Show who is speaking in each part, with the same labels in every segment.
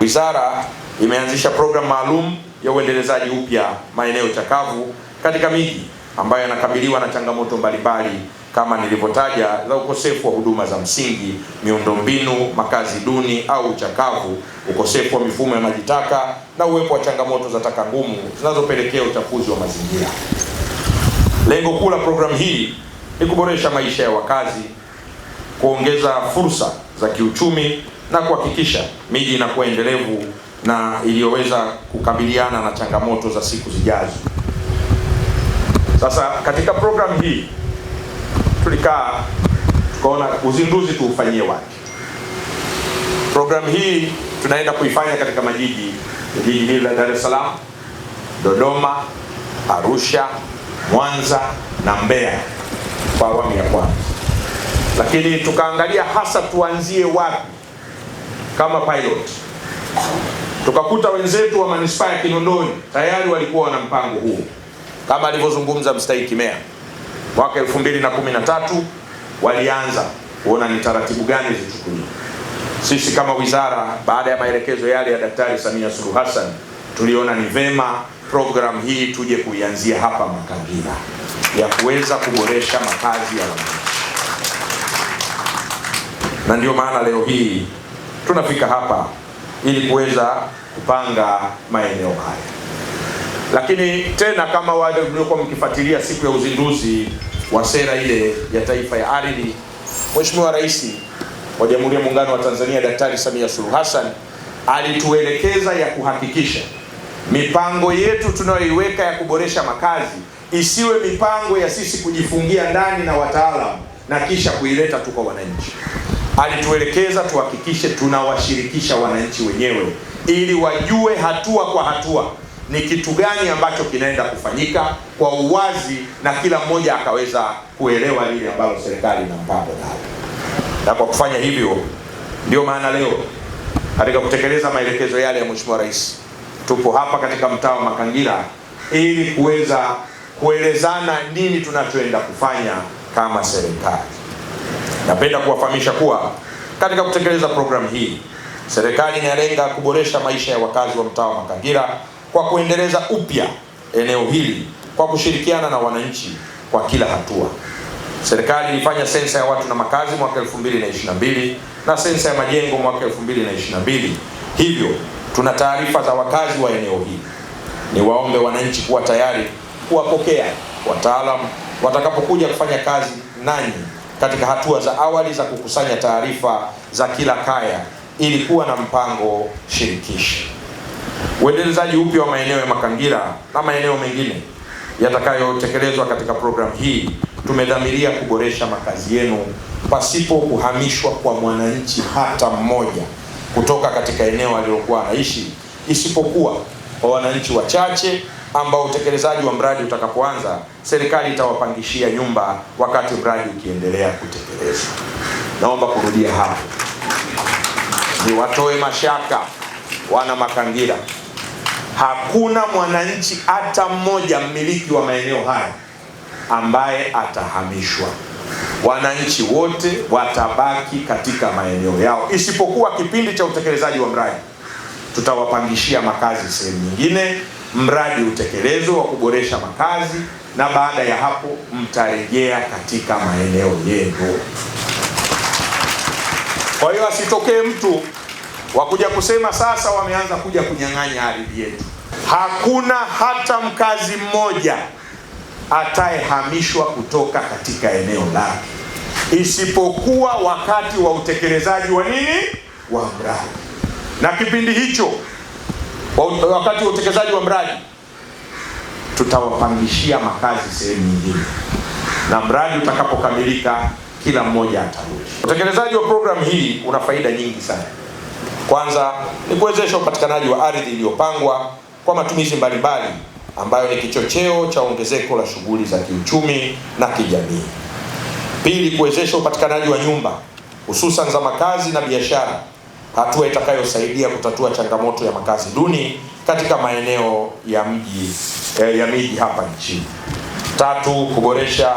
Speaker 1: Wizara imeanzisha programu maalum ya uendelezaji upya maeneo chakavu katika miji ambayo yanakabiliwa na changamoto mbalimbali kama nilivyotaja za ukosefu wa huduma za msingi, miundombinu, makazi duni au chakavu, ukosefu wa mifumo ya maji taka na uwepo wa changamoto za taka ngumu zinazopelekea uchafuzi wa mazingira. Lengo kuu la programu hii ni kuboresha maisha ya wakazi kuongeza fursa za kiuchumi na kuhakikisha miji inakuwa endelevu na iliyoweza kukabiliana na changamoto za siku zijazo. Sasa katika programu hii tulikaa tukaona uzinduzi tuufanyie wapi. Programu hii tunaenda kuifanya katika majiji jiji hili la Dar es Salaam, Dodoma, Arusha, Mwanza na Mbeya kwa awamu ya kwanza lakini tukaangalia hasa tuanzie wapi kama pilot. Tukakuta wenzetu wa manispaa ya Kinondoni tayari walikuwa wana mpango huu kama alivyozungumza mstahiki meya, mwaka 2013 walianza kuona ni taratibu gani zichukuliwe. Sisi kama wizara, baada ya maelekezo yale ya Daktari Samia Suluhu Hassan, tuliona ni vema programu hii tuje kuianzia hapa Makangira ya kuweza kuboresha makazi ya wananchi na ndio maana leo hii tunafika hapa ili kuweza kupanga maeneo haya. Lakini tena kama wale mliokuwa mkifuatilia siku ya uzinduzi wa sera ile ya taifa ya ardhi, Mheshimiwa Rais wa Jamhuri ya Muungano wa Tanzania Daktari Samia Suluhu Hassan alituelekeza ya kuhakikisha mipango yetu tunayoiweka ya kuboresha makazi isiwe mipango ya sisi kujifungia ndani na wataalamu na kisha kuileta tu kwa wananchi alituelekeza tuhakikishe tunawashirikisha wananchi wenyewe ili wajue hatua kwa hatua ni kitu gani ambacho kinaenda kufanyika kwa uwazi na kila mmoja akaweza kuelewa lile ambalo serikali ina mpango nalo. Na kwa kufanya hivyo, ndio maana leo katika kutekeleza maelekezo yale ya Mheshimiwa Rais, tupo hapa katika mtaa wa Makangira ili kuweza kuelezana nini tunachoenda kufanya kama serikali. Napenda kuwafahamisha kuwa katika kutekeleza programu hii, serikali inalenga kuboresha maisha ya wakazi wa mtaa wa Makangira kwa kuendeleza upya eneo hili kwa kushirikiana na wananchi kwa kila hatua. Serikali ilifanya sensa ya watu na makazi mwaka 2022 na sensa ya majengo mwaka 2022. Hivyo tuna taarifa za wakazi wa eneo hili. Niwaombe wananchi kuwa tayari kuwapokea wataalamu watakapokuja kufanya kazi nanyi katika hatua za awali za kukusanya taarifa za kila kaya ili kuwa na mpango shirikishi. Uendelezaji upya wa maeneo ya Makangira na maeneo mengine yatakayotekelezwa katika programu hii, tumedhamiria kuboresha makazi yenu pasipo kuhamishwa kwa mwananchi hata mmoja kutoka katika eneo alilokuwa anaishi isipokuwa kwa wananchi wachache ambao utekelezaji wa mradi utakapoanza, serikali itawapangishia nyumba wakati mradi ukiendelea kutekelezwa. Naomba kurudia hapo, ni watoe mashaka wana Makangira, hakuna mwananchi hata mmoja mmiliki wa maeneo haya ambaye atahamishwa. Wananchi wote watabaki katika maeneo yao, isipokuwa kipindi cha utekelezaji wa mradi tutawapangishia makazi sehemu nyingine mradi utekelezwe wa kuboresha makazi, na baada ya hapo mtarejea katika maeneo yenu. Kwa hiyo asitokee mtu wa kuja kusema sasa wameanza kuja kunyang'anya ardhi yetu. Hakuna hata mkazi mmoja atayehamishwa kutoka katika eneo lake isipokuwa wakati wa utekelezaji wa nini, wa mradi, na kipindi hicho wakati wa utekelezaji wa mradi tutawapangishia makazi sehemu nyingine, na mradi utakapokamilika kila mmoja atarudi. Utekelezaji wa programu hii una faida nyingi sana. Kwanza ni kuwezesha upatikanaji wa ardhi iliyopangwa kwa matumizi mbalimbali ambayo ni kichocheo cha ongezeko la shughuli za kiuchumi na kijamii. Pili, kuwezesha upatikanaji wa nyumba hususan za makazi na biashara hatua itakayosaidia kutatua changamoto ya makazi duni katika maeneo ya mji eh, ya miji hapa nchini. Tatu, kuboresha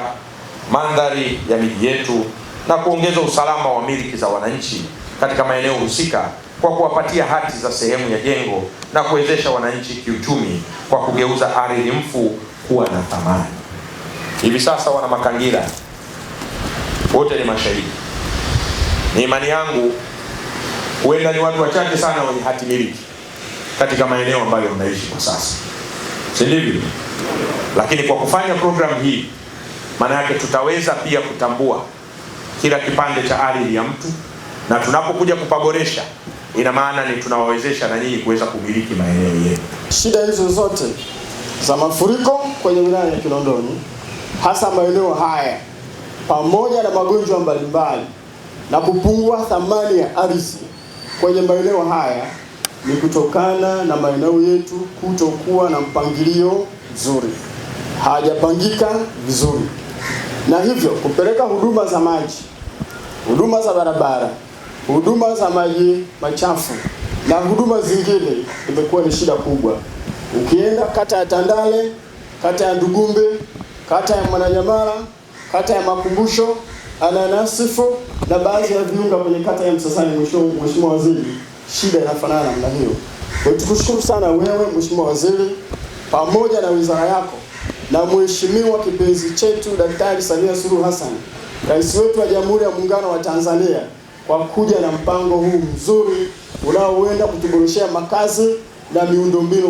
Speaker 1: mandhari ya miji yetu na kuongeza usalama wa miliki za wananchi katika maeneo husika kwa kuwapatia hati za sehemu ya jengo na kuwezesha wananchi kiuchumi kwa kugeuza ardhi mfu kuwa na thamani. Hivi sasa wana Makangira wote ni mashahidi. Ni imani yangu Huenda ni watu wachache sana wenye hati miliki katika maeneo ambayo mnaishi kwa sasa, si ndivyo? Lakini kwa kufanya programu hii, maana yake tutaweza pia kutambua kila kipande cha ardhi ya mtu, na tunapokuja kupaboresha, ina maana ni tunawawezesha na nyinyi kuweza kumiliki maeneo yenu.
Speaker 2: Shida hizo zote za mafuriko kwenye wilaya ya Kinondoni, hasa maeneo haya, pamoja na magonjwa mbalimbali na kupungua thamani ya ardhi kwenye maeneo haya ni kutokana na maeneo yetu kutokuwa na mpangilio mzuri, hajapangika vizuri, na hivyo kupeleka huduma za maji, huduma za barabara, huduma za maji machafu na huduma zingine imekuwa ni shida kubwa. Ukienda kata ya Tandale, kata ya Ndugumbe, kata ya Mwananyamala kata ya Makumbusho, Ananasifu na baadhi ya viunga kwenye kata ya Msasani. Mheshimiwa Waziri, shida inafanana namna hiyo. Tukushukuru sana wewe Mheshimiwa Waziri pamoja na wizara yako na Mheshimiwa kipenzi chetu Daktari Samia Suluhu Hassan, rais wetu wa Jamhuri ya Muungano wa Tanzania, kwa kuja na mpango huu mzuri unaoenda kutuboreshea makazi na miundombinu.